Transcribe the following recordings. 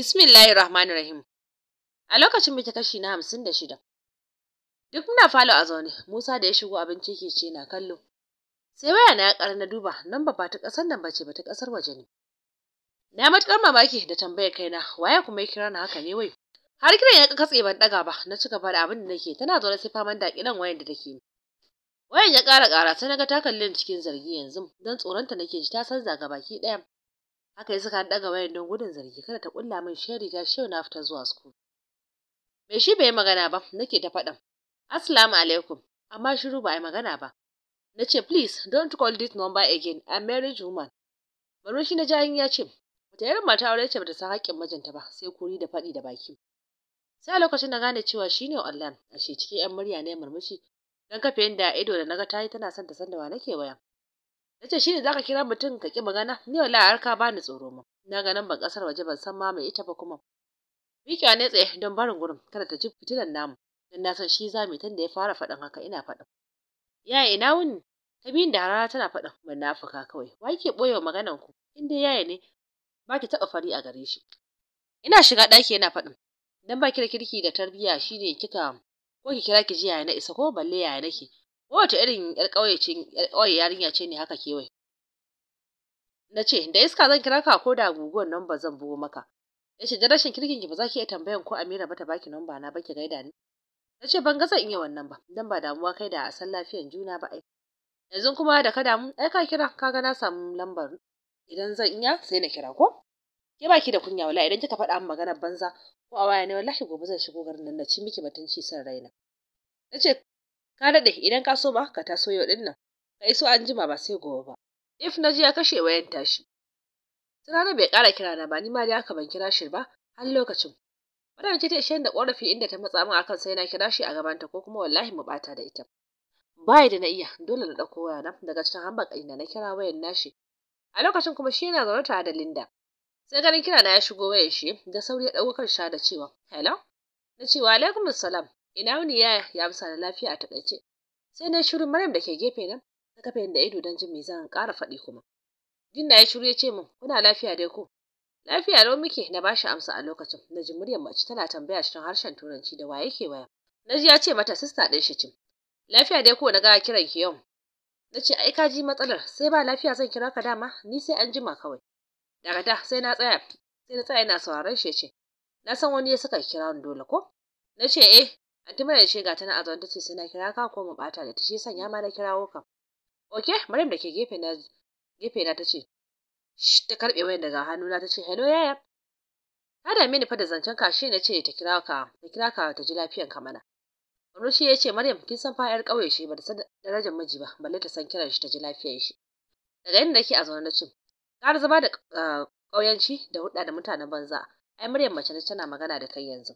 Bismillahir Rahmanir Rahim. A lokacin biki kashi na hamsin da shida. Duk muna falo a zaune, Musa da ya shigo abinci ke ce na kallo. Sai waya na ya ƙara na duba, nan ba ta ƙasar nan bace ba ta ƙasar waje ne. Na matukar mamaki da tambayar kaina, waye kuma ya kira na haka ne wai? Har kiran ya katse ban ɗaga ba, na cika fara abin da nake, tana zaune sai faman da kiran wayan da take. Wayan ya ƙara ƙara sai naga ga ta kalle cikin zargi yanzu, don tsoronta nake ji ta san zaga baki ɗaya. haka ya saka daga wayan don gudun zargi kada ta kulla min shi riga shi na fita zuwa school me shi bai magana ba nake ta faɗan assalamu alaikum amma shiru ba ai magana ba na ce please don't call this number again I'm marriage woman Barun shi na jahin ya ce wata yarin mata aure ce bata san haƙƙin majinta ba sai kuri da faɗi da baki sai lokacin na gane cewa shine online ashe cikin yan murya ne murmushi dan kafe inda ido da naga tayi tana son ta san da wa nake waya na ce shi za zaka kira mutum ka ki magana ni wallahi har ka bani tsoro mu na ga nan ban kasar waje ban san ma mai ita ba kuma mikiya ne tsaye don barin gurin kada ta ji fitilan namu dan na san shi zami tun da ya fara faɗin haka ina faɗin yaya ina wuni ta biyun da harara tana faɗin munafuka kawai wa ke ɓoye wa maganan ku in dai yaya ne ba ki taɓa fari a gare shi ina shiga ɗaki yana faɗin dan ba ki da kirki da tarbiyya shine kika ko ki kira ki ji yaya na isa ko balle yaya nake Kowace irin ‘yar ƙauye yarinya ce ne haka kewai. Na ce, da iska zan kira ka ko da guguwar nan ba zan bugo maka. Ya ce, da rashin kirkin ki ba za ki iya tambayan ko Amira ba ta baki namba na ba ki gaida ni. Na ce, ban ga zan iya wannan ba, dan ba damuwa kai da a san lafiyan juna ba ai. Yanzu kuma da ka damu, ai ka kira, ka ga na samu lambar. Idan zan iya, sai na kira ko? Ke baki da kunya wala idan kika faɗa min maganar banza ko a waya ne wallahi gobe zan shigo garin nan na ci miki batunci san raina. Na ce, ka daɗe idan ka so ba, ka taso yau ɗin nan ka iso an jima ba sai gobe ba if na ji ya kashe wayan tashi tunana bai ƙara kira na ba ni ma da haka ban kira shi ba har lokacin Madam ce ta ishe da ƙorafi inda ta matsa min akan sai na kira shi a gabanta ko kuma wallahi mu bata da ita. bai da na iya dole na ɗauko waya daga cikin hamba na kira wayan nashi. A lokacin kuma shi yana zaune tare da Linda. Sai ganin kira na ya shigo wayan shi da sauri ya ɗauko kan sha da cewa hello. Na ce wa alaikum salam ina wuni ya ya amsa da lafiya a takaice sai na shiru maryam da ke gefe nan. ta kafa da ido don jin me zan ƙara faɗi kuma jinna ya shiru ya ce min kuna lafiya dai ko lafiya lau muke na ba shi amsa a lokacin na ji muryar mace tana tambaya cikin harshen turanci da waye ke waya na ji ya ce mata sista ɗin shi cin lafiya dai ko na ga kiran ki yau na ce ai ka ji matsalar sai ba lafiya zan kira ka dama ni sai an jima kawai daga da sai na tsaya sai na tsaya yana sauraron shi ya ce na san wani ya saka kira ni dole ko na ce eh anti da ce ga tana a zaune tace sai na kira ka ko mu bata da ta sanya ma na kirawo ka okay Maryam da ke gefe na gefe na tace ta karbe wayar daga na tace hello yaya ka dame ni fa da zancen ka shi nace ta kira ka ta kira ka ta ji lafiyan ka mana Rushi ya ce Maryam kin san fa yar kauye shi ba ta san darajar miji ba balle ta san kiran shi ta ji lafiyan shi daga inda nake a zaune na ce kar zama da kauyanci ah, da hudda da mutanen banza ai Maryam mace ne tana magana da kai yanzu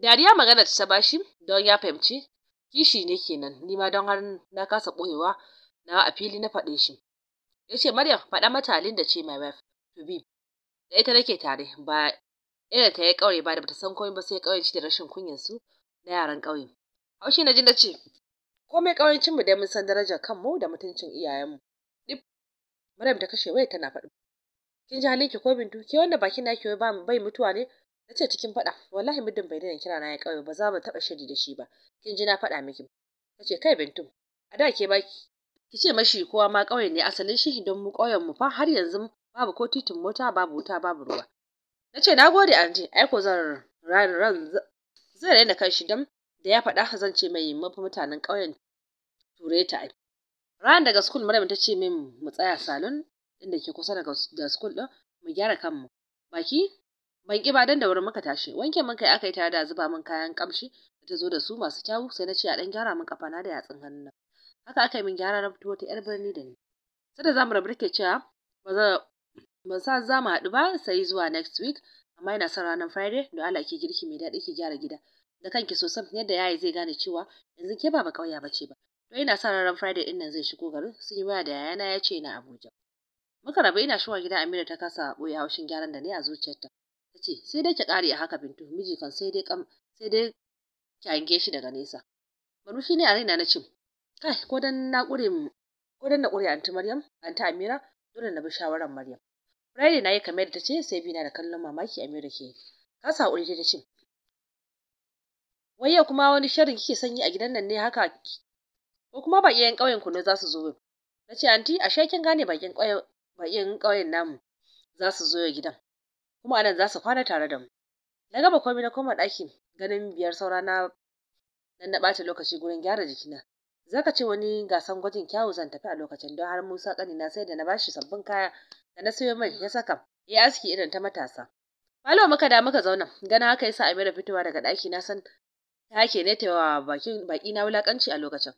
Dariya maganar ta ba bashi don ya fahimci kishi ne kenan ni ma don har na kasa ɓoyewa nawa a fili na faɗe shi. Ya ce Maryam faɗa mata da ce my wife to be da ita nake tare ba irin ta ya ƙaure ba da bata san komai ba sai ci da rashin kunyar su na yaran ƙauye. Haushi na ji na ce komai ƙauyencin mu dai mun san darajar kanmu da mutuncin iyayenmu. Dip Maryam ta kashe waya tana faɗi. Kin ji halinki ko bintu ke wanda bakin naki wai ba bai mutuwa ne na ce cikin faɗa wallahi muddin bai daina kirana na ya kawai ba za mu taɓa shiri da shi ba kin ji na fada miki ta ce kai bintum a da ke baki ki ce mashi kowa ma kauye ne asalin shi don mu kauyen mu fa har yanzu babu ko titin mota babu wuta babu ruwa na ce na gode ai ko zan ran ran zai raina kanshi dan da ya faɗa zan ce mai mafi mutanen ƙauyen ture ta ai ran daga school maryam ta ce min mu tsaya salon inda ke kusa daga da school din mu gyara kanmu baki ban ƙi ba dan da wurin muka tashi wanke mun kai aka yi tare da zuba mun kayan kamshi da ta zo da su masu kyawu sai na ce a dan gyara mun kafa na da yatsun hannu. haka aka yi min gyara na fito wata yar birni da ni sai da zamu rabu ke cewa ba za za mu haɗu ba sai zuwa next week amma ina son ranar friday don Allah ki girki mai daɗi ki gyara gida da kanki sosai yadda yayi zai gane cewa yanzu ke ba ba kauya bace ba to ina son ranar friday din nan zai shigo garin sun yi waya da yayana ya ce ina abuja muka rabu ina shigo gida Amira ta kasa boye haushin gyaran da ne a zuciyarta ta ce sai dai ki kare a haka bintu miji kan sai dai kam sai dai ki hange shi daga nesa shi ne a raina na cin kai ko dan na ƙure ko dan na ƙure anti maryam anti amira dole na bi shawaran maryam friday na yi kamar da ta ce sai bina da kallon mamaki amira ke kasa sa ta da wai yau kuma wani shirin kike sanyi a gidan nan ne haka ko kuma iyayen ƙauyen ku ne za su zo na ce anti ashe kin gane baƙin ƙauyen namu za su zo gidan kuma anan za su kwana tare da mu na gaba komai na koma ɗaki ganin biyar saura na nan na ɓata lokaci gurin gyara jikina Za ka ce wani gasan gwajin kyawu zan tafi a lokacin don har Musa na sai da na bashi sabbin kaya da na sayo mai ya saka ya aski irin ta matasa Falo muka da muka zauna gana haka yasa Amira fitowa daga ɗaki na san ta ke ne ta wa bakin na wulakanci a lokacin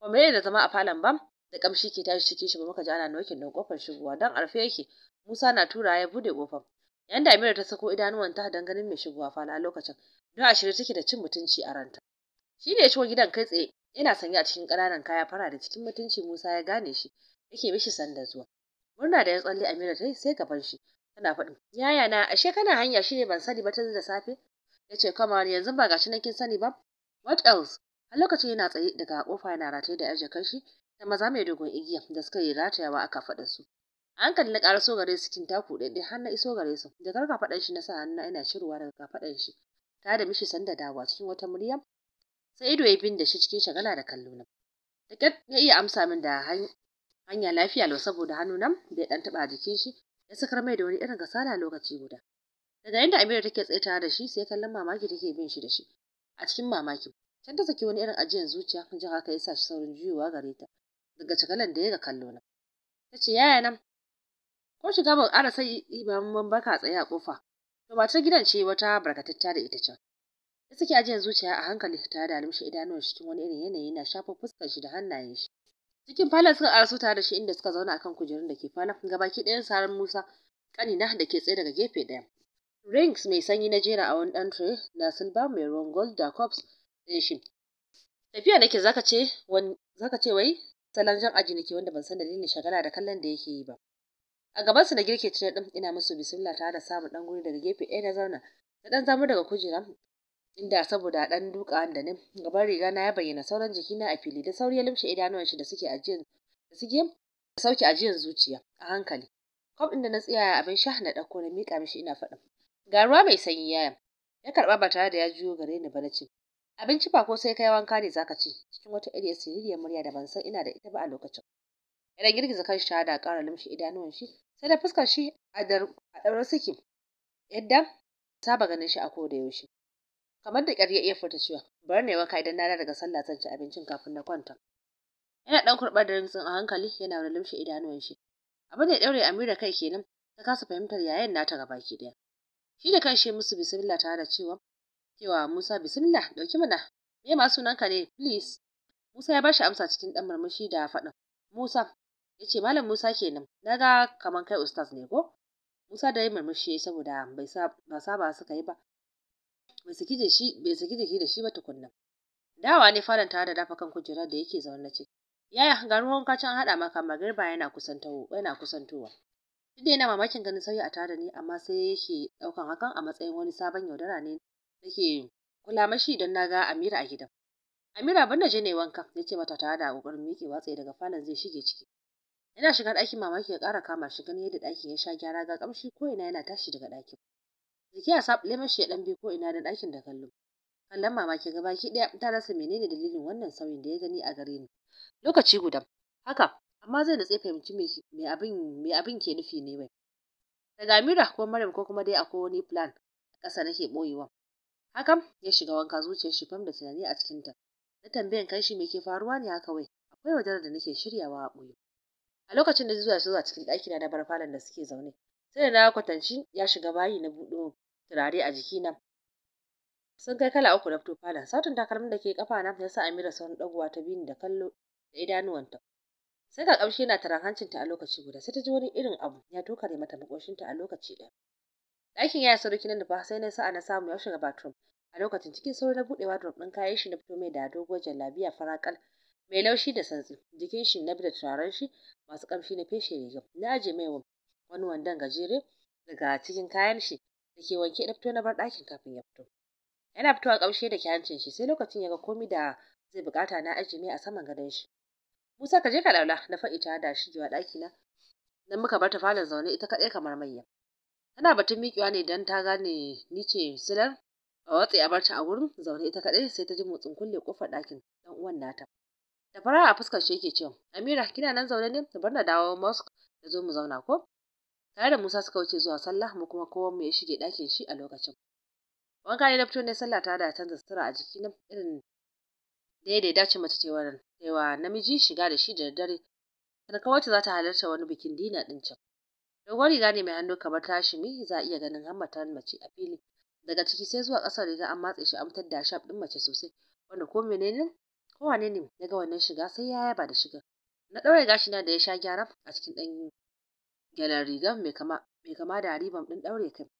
kuma da zama a falon bam da kamshi ke tashi cikin shi ba muka ji ana nokin don kofar shigowa don arfe yake Musa na tura ya bude kofar Yan damira ta sako idanuwanta don ganin mai shigowa na lokacin, don a shirye take da cin mutunci a ranta. Shi ne shigo gidan kai tsaye, yana sanya a cikin ƙananan kaya fara da cikin mutunci Musa ya gane shi, yake mishi sanda zuwa. Murna da ya tsalle Amira ta sai gaban shi, tana faɗin, yaya na ashe kana hanya shi ne ban sani ba tun da safe? Ya ce wani yanzu ba gashi na kin sani ba? What else? A lokacin yana tsaye daga kofa yana rataye da yar jakar shi da maza mai dogon igiya da suka yi ratayawa aka faɗa su. A hankali na so gare su cin taku ɗaiɗai har na iso gare su. Jakar faɗan shi na sa hannu ina cirowa daga kafaɗan shi. Ta da mishi sanda dawa cikin wata murya. Sai ido ya bin da shi cikin shagala da kallo na. Da ya iya amsa min da hanya lafiya lau saboda hannu nan da ya ɗan taɓa jikin shi ya sakar mai da wani irin kasala lokaci guda. Daga inda Amira take tsaye tare da shi sai kallon mamaki take bin shi da shi. A cikin mamaki. Can ta saki wani irin ajiyar zuciya jin haka ya sa shi saurin juyowa gare ta. Daga shagalan da ya ga kallo na. Ta ce yaya nan ko shiga ban ƙara sai ban baka tsaye a kofa to matar gidan ce wata barkatatta da ita can da suke ajiyar zuciya a hankali ta da lumshe idanuwan shi cikin wani irin yanayi na shafa fuskar shi da hannayen shi cikin falon suka ƙaraso tare da shi inda suka zauna akan kujerun da ke falon gabaki ɗayan sarar musa ƙanina da ke tsaye daga gefe ɗaya rings mai sanyi na jera a wani ɗan tray na silba mai ruwan gold da cups ɗin shi tafiya nake zaka ce wani zaka ce wai salon jan aji nake wanda ban san dalilin shagala da kallon da yake yi ba a gaban su na girke tire din ina musu bismillah tare da samun dan guri daga gefe ɗaya na zauna na dan zamu daga kujera inda saboda dan duka da ne gaban riga na ya bayyana sauran jikina a fili da sauri ya limshe idanuwan shi da suke ajiyan da suke da sauke ajiyan zuciya a hankali kwaf ɗin da na tsaya abin sha na dauko na mika mishi ina faɗin ga ruwa mai sanyi yaya ya karba ba tare da ya juyo gare ni ba na ce abinci ba ko sai kai wanka ne zaka ci cikin wata iriyar siririyar murya da ban san ina da ita ba a lokacin yana girgiza kanshi tare da ƙara limshi idanuwan shi sai da fuskar shi a daure suke yadda saba ganin shi a koda yaushe kamar da ƙyar ya iya furta cewa bari ne wanka idan na daga sallah zan ci abincin kafin na kwanta yana ɗan kurɓar da rintsin a hankali yana wani lumshe idanuwan shi abin da ya daure da kai kenan ta kasa fahimtar yayin nata gaba ki daya shi da kanshi musu bisimila tare da cewa cewa Musa bisimila! ɗauki mana me ma sunanka ne please Musa ya bashi amsa cikin ɗan murmushi da faɗin Musa ya ce malam musa kenan na ga kamar kai ustaz ne ko musa da ya murmushi saboda bai ba saba suka yi ba bai saki da shi bai saki jiki da shi ba tukunna dawa ne fadan tare da dafa kan kujerar da yake zaune ce yaya ga ruwan kacin hada haɗa maka magarba yana kusantowa yana kusantowa duk da yana mamakin ganin sauyi a tare ne amma sai yake ɗaukan hakan a matsayin wani sabon yaudara ne nake kula mashi don na ga Amira a gidan. Amira ban da je ne wanka ya ce mata tare da kokarin miƙewa tsaye daga falon zai shige ciki. yana shiga ɗakin mamaki ya ƙara kama shi ganin yadda ɗakin ya sha gyara ga ƙamshi ko ina yana tashi daga ɗakin jiki a saɓule shi ya ɗan bi ko ina da ɗakin da kallo kallon mamaki ga baki ɗaya ta rasa menene dalilin wannan sauyin da ya gani a gare ni lokaci guda haka amma zai da fahimci me abin ke nufi ne bai daga Amira ko Maryam ko kuma dai akwai wani plan ƙasa nake ɓoyewa hakan ya shiga wanka zuciyar shi fam da tunani a cikinta na tambayan kanshi me ke faruwa ne haka wai akwai wajen da nake shiryawa a ɓoye a lokacin da zuwa zuwa cikin ɗakina na bar falon da suke zaune sai da na kwatanci ya shiga bayi na buɗo turare a jikina sun kai kala uku na fito falon sautin takalmin da ke kafa na sa Amira sauran dagowa ta bini da kallo da idanuwanta sai ka kamshi yana taran hancinta a lokaci guda sai ta ji wani irin abu ya tokare mata makoshinta a lokaci ɗaya ɗakin ya sauki nan da ba sai na sa'a na samu ya shiga bathroom a lokacin cikin sauri na buɗe wardrobe ɗin kayan shi na fito mai da dogon jallabiya farakal mai laushi da santsi jikin shi na bi da turaren shi masu ƙamshi na feshe riga na aje mai wani wandon gajere daga cikin kayan shi da ke wanke ɗafto na bar ɗakin kafin ya fito yana fitowa kaushe da kyancin shi sai lokacin ya ga komai da zai buƙata na aje mai a saman gadon shi Musa ka je ka laula na faɗi ta da shi zuwa ɗaki na dan muka bar ta falon zaune ita kaɗai kamar mayya tana batun miƙewa ne dan ta gane ni ce silar a watsi a a wurin zaune ita kaɗai sai ta ji motsin kulle kofar ɗakin ɗan uwan nata da fara a fuskar shi yake cewa Amira kina nan zaune ne bar na dawo Moscow da zo mu zauna ko tare da Musa suka wuce zuwa sallah mu kuma kowa mu ya shige ɗakin shi a lokacin wanka ne na fito ne sallah ta da canza sutura a jiki na irin daidai dace mace ce wannan cewa namiji shiga da shi da daddare kawai wacce za ta halarta wani bikin dina din can dogon riga ne mai hannu kamar tashimi za a iya ganin hammatan mace a fili daga ciki sai zuwa ƙasar riga an matse shi an fitar da shaf din mace sosai wanda ko menene Ko wane ne ya ga wannan shiga sai ya yaba da shigar na ɗaure na da ya sha gyara a cikin ɗan gyalan rigar mai kama da ribam ɗin ɗaure kai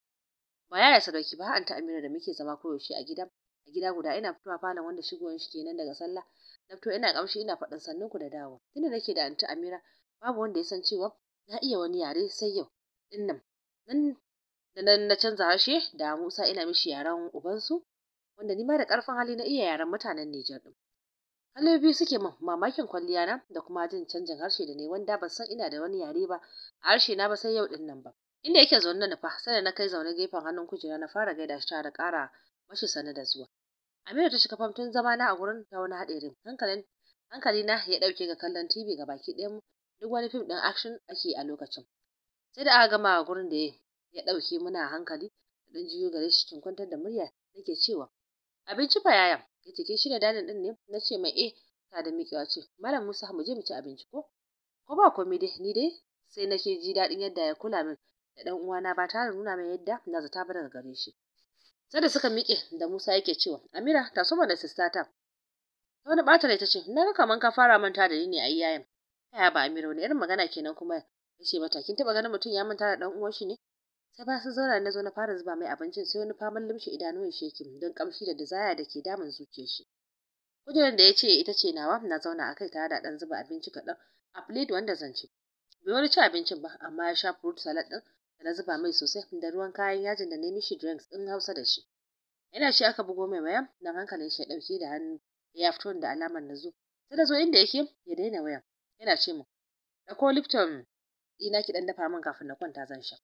ba ya sadauki ba an ta amira da muke zama koyaushe a gidan a gida guda ina fitowa falon wanda shigowar shi kenan daga sallah na fito ina kamshi ina faɗin sannin ku da dawo tunda nake da anti amira babu wanda ya san cewa na iya wani yare sai yau din nan nan da nan na canza harshe da Musa ina mishi yaren ubansu wanda ni ma da karfin hali na iya yaren mutanen Nijar din Hannu biyu suke min mamakin kwalliya na da kuma jin canjin harshe da ne wanda ban san ina da wani yare ba a harshe na ba sai yau din nan ba. Inda yake zaune na nufa sai na kai zaune gefen hannun kujera na fara gaida shi tare ƙara mashi sane da zuwa. Amira ta shiga famtun zama na a gurin ta wani haɗarin hankalin hankali na ya ɗauke ga kallon TV ga baki ɗaya duk wani fim ɗin action ake a lokacin. Sai da aka gama a gurin da ya ɗauke muna hankali da jiyo gare shi cikin kwantar da murya nake cewa abinci fa yayan. ya ce kin shirya danin din ne na ce mai eh ta da miƙewa ce malam Musa mu je mu ci abinci ko ko ba komai dai ni dai sai nake ji daɗin yadda ya kula min da ɗan uwana ba tare da nuna min yadda na zata ba daga gare shi sai da suka miƙe da Musa yake cewa Amira ta so da sista ta wani ɓata ne ta ce na ga kaman ka fara manta da ni ne ayi e yayin yaya ba Amira wani irin magana kenan kuma ya ce mata kin taɓa ganin mutum ya manta da dan uwan shi ne sai ba su zauna na zo na fara zuba mai abincin sai wani faman limshi idanuwan shekin don kamshi da dizaya da ke damun zuciyar shi kujerar da ya ce ita ce nawa na zauna akai tare da dan zuba abinci kaɗan a plate wanda zan ci bai wani ci abincin ba amma ya sha fruit salad din da na zuba mai sosai da ruwan kayan yajin da na mishi drinks din hausa da shi yana shi aka bugo mai wayan nan hankalin shi ya ɗauke da hannu ya fito da alamar na zo sai da zo inda yake ya daina wayan yana ce min ɗauko lipton ina ki dan dafa min kafin na kwanta zan sha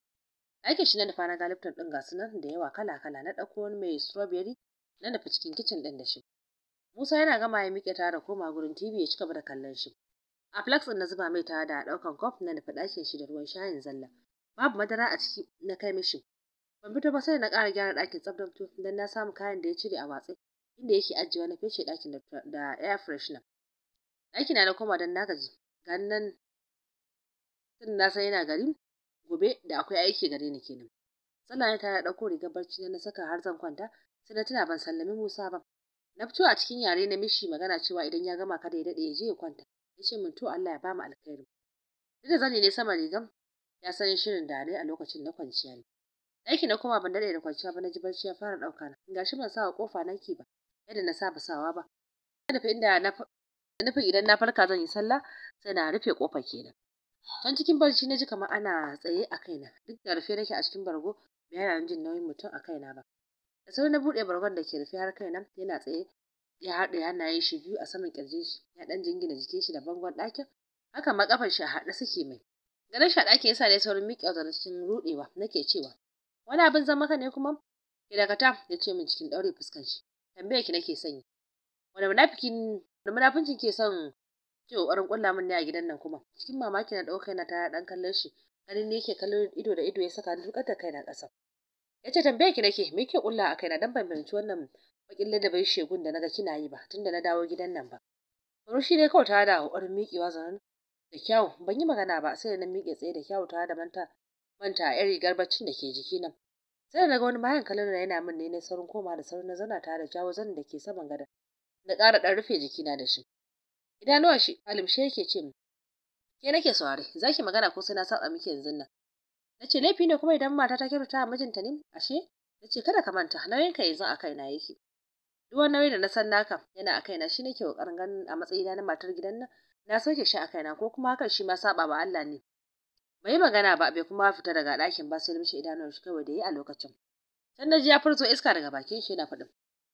ɗakin shi na nufa na ga ɗin gasu nan da yawa kala kala na ɗauko wani mai strawberry na nufi cikin kicin ɗin da shi Musa yana gama ya miƙe tare da koma gurin TV ya cika bada kallon shi a flax ɗin na zuba mai tare da ɗaukan kof na nufi ɗakin shi da ruwan shayin zalla babu madara a ciki na kai mishi ban fito ba sai na ƙara gyara ɗakin tu don na samu kayan da ya cire a watsi inda yake ajiye na feshe ɗakin da air freshener ɗaki na na koma don na gaji ganin nan tun na san yana gari gobe da akwai aiki gare ni kenan sannan ta dauko rigar barci na saka har zan kwanta sai na tuna ban sallami Musa ba na fito a cikin yare na mishi magana cewa idan ya gama kada ya daɗe ya je ya kwanta ya ce min to Allah ya ba mu alkhairi duk da zani ne sama rigar ya san shirin da a lokacin na kwanciya ne aiki na koma ban dade da kwanciya ba na ji barci ya fara ɗauka na gashi ban sa kofa nake ba yadda na saba sawa ba na inda na nufin idan na farka zan yi sallah sai na rufe kofa kenan Can cikin barci na ji kamar ana tsaye a kaina, duk da rufe nake a cikin bargo, bai yana jin nauyin mutum a kaina ba. Da sauri na buɗe bargon da ke rufe har kaina, yana tsaye ya haɗe hannayen shi biyu a saman ƙirjin shi, ya ɗan jingina jikin shi da bangon ɗakin, haka ma ƙafar shi a haɗe suke mai. Ganin shi a ɗakin yasa na saurin miƙe da cikin ruɗewa, nake cewa wani abin zama ka ne kuma? Ki dakata ya ce min cikin ɗaure fuskan shi. Tambayar ki nake sanyi. Wani munafikin wani munafincin ke son ke kokarin kulla min ne a gidan nan kuma cikin mamaki na dauka na tara dan kallon shi ganin ne yake kallon ido da ido ya saka ni dukar da kaina kasa yace tambaye ki nake me ke kulla a kaina dan ban fahimci wannan bakin ladabin shegun da naga kina yi ba tunda na dawo gidan nan ba shi dai kawai ta da kokarin miƙewa zanen da kyau ban yi magana ba sai da na miƙe tsaye da kyau tare da manta manta a rigar baccin da ke jikina sai da na ga wani bayan na yana min ne na saurin koma da saurin na zauna tare da jawo zan da ke saman gada na ƙara ɗan rufe jikina da shi nawa shi a limshe yake ce min ke nake saurare ki magana ko sai na saba miki yanzu nan Na ce laifi ne kuma idan mata ta kyautata mijinta ne ashe Na ce, kada ka manta nauyin ka yanzu a kaina yake duk wani nauyi da na san naka yana a kaina shi nake kokarin ganin a matsayina na matar gidan nan na soke shi a kaina ko kuma hakan shi ma saba ba Allah ne bai magana ba bai kuma fita daga ɗakin ba sai limshe idanuwan shi kawai da yi a lokacin can na ji ya furzo iska daga bakin shi yana faɗin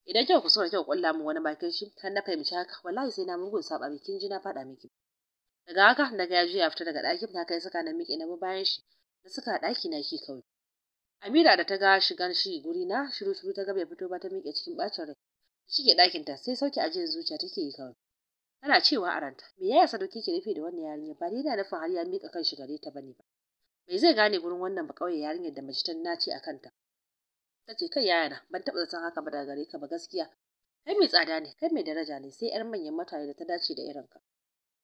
idan kyau ku so da kyau kulla min wani bakin shi har na fahimci haka wallahi sai na mugun saba kin ji na faɗa miki daga haka na ga ya juya fita daga ɗakin na kai saka na miƙe na bayan shi da suka ɗaki na ki kawai Amira da ta ga shigan shi guri na shiru shiru ta ga bai fito ba ta miƙe cikin bacin rai shige ɗakin ta sai sauki ajiyar zuciya take yi kawai tana cewa a ranta me yaya sadauki ke nufi da wannan yarinya ba ni na nufin har ya miƙa kan shi gare ta bane ba me zai gane gurin wannan kauye yarinyar da mace ta nace a kanta ta ce kai yayana ban taɓa zaton haka ba daga gare ka ba gaskiya kai mai tsada ne kai mai daraja ne sai yar manyan mutane da ta dace da irin ka.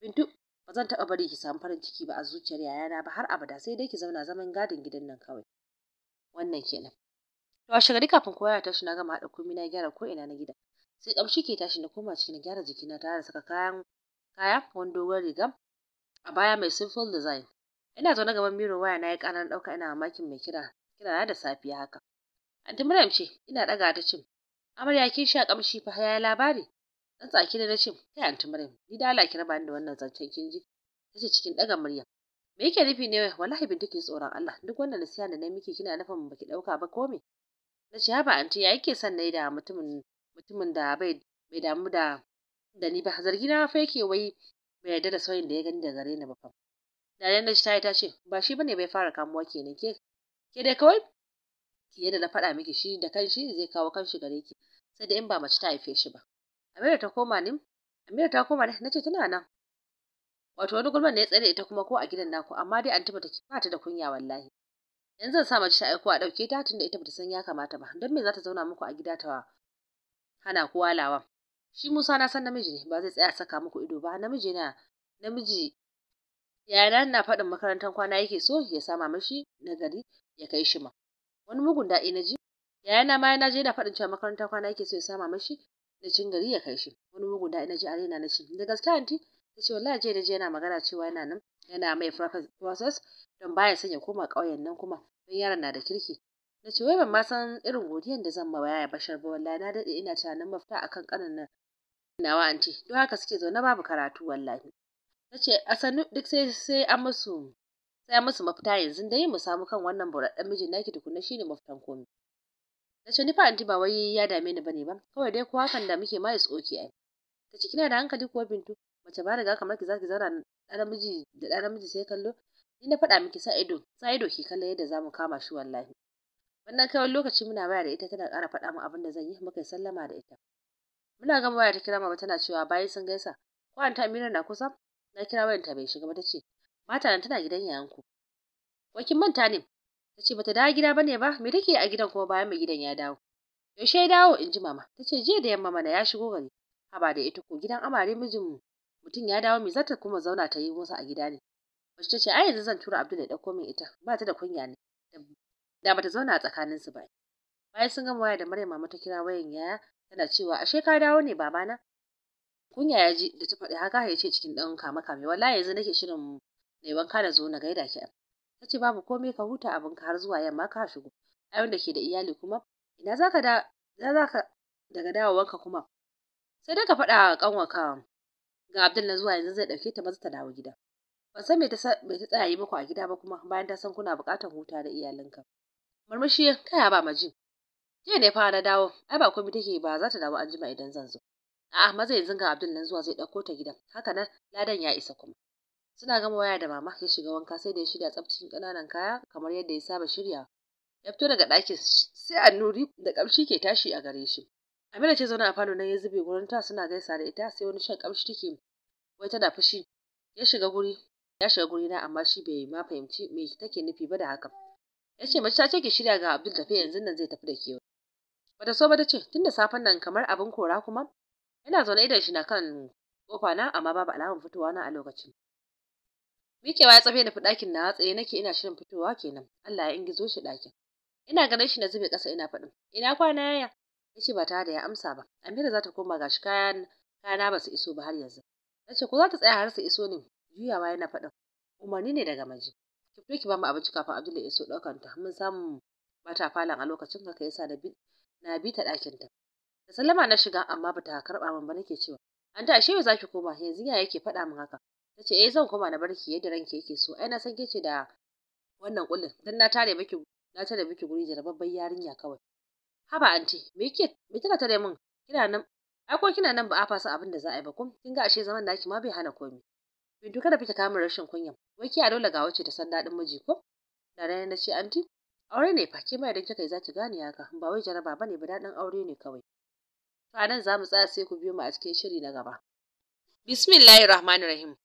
bintu ba zan taɓa bari ki samu farin ciki ba a zuciyar yayana ba har abada sai dai ki zauna zaman gadin gidan nan kawai wannan kenan to a shagari kafin ya tashi na gama haɗa komai na gyara ko ina na gida sai kamshi ke tashi na koma ciki na gyara jikina tare da saka kayan kaya wani dogon riga a baya mai simple design ina zaune gaban miro waya na ya ƙara ɗauka ina mamakin mai kira kira da safiya haka Anti Maryam ce ina ɗaga ta cin. Amarya kin sha kamshi fa ya labari. Dan tsaki da na cin kai Anti Maryam ni da Allah ki raba ni da wannan zancen kin ji. Tace cikin ɗaga maryam Me yake nufi ne wallahi bin take tsoron Allah duk wannan nasiha da na miki kina nufin baki ɗauka ba ko me? Na ce haba anti ya yake son na yi da mutumin mutumin da bai bai damu da da ni ba zargi na fa yake wai bai yarda da sauyin da ya gani da gare ni ba fa. Dariya na ta yi ta ce ba shi bane bai fara kamuwa kenan ke ke dai kawai ki yadda na faɗa miki shi da kanshi zai kawo kanshi gare ki sai da in ba mace ta haife shi ba Amira ta koma ne Amira ta koma ne nace tana nan wato wani gulman ne ya tsare ita kuma ko a gidan naku amma dai an taba ta ba ta da kunya wallahi yanzu zan sa mace ta aiko a dauke ta tunda ita bata san ya kamata ba don me za ta zauna muku a gida ta hana ku walawa shi Musa na san namiji ne ba zai tsaya saka muku ido ba namiji na namiji na faɗin makarantar kwana yake so ya sama mishi na ya kai shi ma wani mugun daɗi na ji yayana ma na je yana faɗin cewa makarantar kwana yake so ya sama mashi da cin gari ya kai shi wani mugun daɗi na ji a na shi da gaske anti ta ce wallahi je da je yana magana cewa yana nan yana mai process don baya son ya koma ƙauyen nan kuma don yaran na da kirki na ce wai ban ma san irin godiyan da zan ma ya bashar ba wallahi na daɗe ina tunanin mafita akan ƙanan nan nawa anti don haka suke zaune babu karatu wallahi ta ce a sannu duk sai sai an musu sai musu mafita yanzu dai mu samu kan wannan buraɗɗen mijin naki tukunna shine mafitan komai na ce ni fa anti ba wai ya dame ni bane ba kawai dai kuwa kan da muke ma is okay ai ta ciki na da hankali kuwa bintu mace ba riga kamar ki zaki zauna da miji da ɗan miji sai kallo ni na faɗa miki sa ido sa ido ki kalla yadda zamu kama shi wallahi wannan kai lokaci muna waya da ita tana ƙara faɗa mu abin da zan yi muka sallama da ita muna gama waya ta kira mama tana cewa bayan sun gaisa ko an ta Amira na kusa na kira wayan ta bai shiga ba tace Mata nan tana gidan yayanku. Wai kin manta ne? Ta ce bata dawo gida bane ba, me take a gidan kuma bayan mai gidan ya dawo? Yaushe ya dawo in ji mama, ta ce jiya da yamma mana ya shigo gari. Haba da ita ko gidan amare mijin mutum ya dawo me za kuma zauna ta yi musu a gida ne. Mace ta ce ai yanzu zan tura Abdul ya dauko min ita, ba ta da kunya ne. Da bata zauna a su ba. Bayan sun gama waya da Maryam mama ta kira wayan yaya tana cewa ashe ka dawo ne na? kunya ya ji da ta faɗi haka ya ce cikin ɗan kame kame wallahi yanzu nake shirin na yi wanka na zo na gaida ki ta ce babu komai ka huta ka har zuwa yamma ka shigo ai wanda ke da iyali kuma ina zaka da ina zaka daga dawowanka kuma sai dai ka faɗa wa ka ga Abdul na zuwa yanzu zai ɗauke ta maza ta dawo gida ban san me ta me ta tsaya yi muku a gida ba kuma bayan ta san kuna buƙatar huta da iyalinka murmushi kaya ba maji jiya ne fara na dawo ai ba komai take ba za ta dawo an jima idan zan zo a'a maza yanzu ga Abdul nan zuwa zai ɗauko ta gida haka nan ladan ya isa kuma Suna gama waya da mama ya shiga wanka sai da ya shirya tsaftacin ƙananan kaya kamar yadda ya saba shirya. Ya fito daga ɗakin sai annuri da ƙamshi ke tashi a gare shi. Amina ce zaune a falo nan ya zube gurin ta suna gaisa da ita sai wani shan ƙamshi take wai tana fushi. Ya shiga guri ya shiga guri na amma shi bai ma fahimci me take nufi ba da haka. Ya ce mace ta ce ki shirya ga Abdul tafi yanzu nan zai tafi da kewa. Bata so ba ta ce tunda safen nan kamar abin kora kuma yana zaune idan shi na kan kofa na amma babu alamun fitowa na a lokacin. Mikewa ya tsafe da ɗakin na tsaye nake ina shirin fitowa kenan. Allah ya ingizo shi dakin Ina ganin shi na zube ƙasa ina faɗin. Ina kwana yaya? Ya ba tare da ya amsa ba. Amira za ta koma gashi kayan kayana ba su iso ba har yanzu. Nace ce ko za ta tsaya har su iso ne? Juyawa yana faɗin. Umarni ne daga maji. Ki fito ki ba mu abinci kafin Abdul ya iso ɗaukan ta. Mun samu mata falan a lokacin haka yasa sa bi na bi ta dakin ta. Da sallama na shiga amma bata karba min ba nake cewa. An ta ashe za ki koma yanzu yaya yake faɗa min haka. ta ce eh zan koma na barki yadda ranki yake so ai na san kike da wannan kullun dan na tare miki na tare miki guri jarababban yarinya kawai haba anti me kike me kika tare min kina nan ai ko kina nan ba a fasa abin da za a yi ba kun kin ga ashe zaman naki ma bai hana komai bintu kada fita kamar rashin kunya wai ki a dole ga wace ta san dadin miji ko da rana na ce anti aure ne fa ke ma idan kika yi za ki gane haka ba wai jaraba bane ba dadin aure ne kawai to anan za mu tsaya sai ku biyo mu a cikin shiri na gaba Bismillahirrahmanirrahim.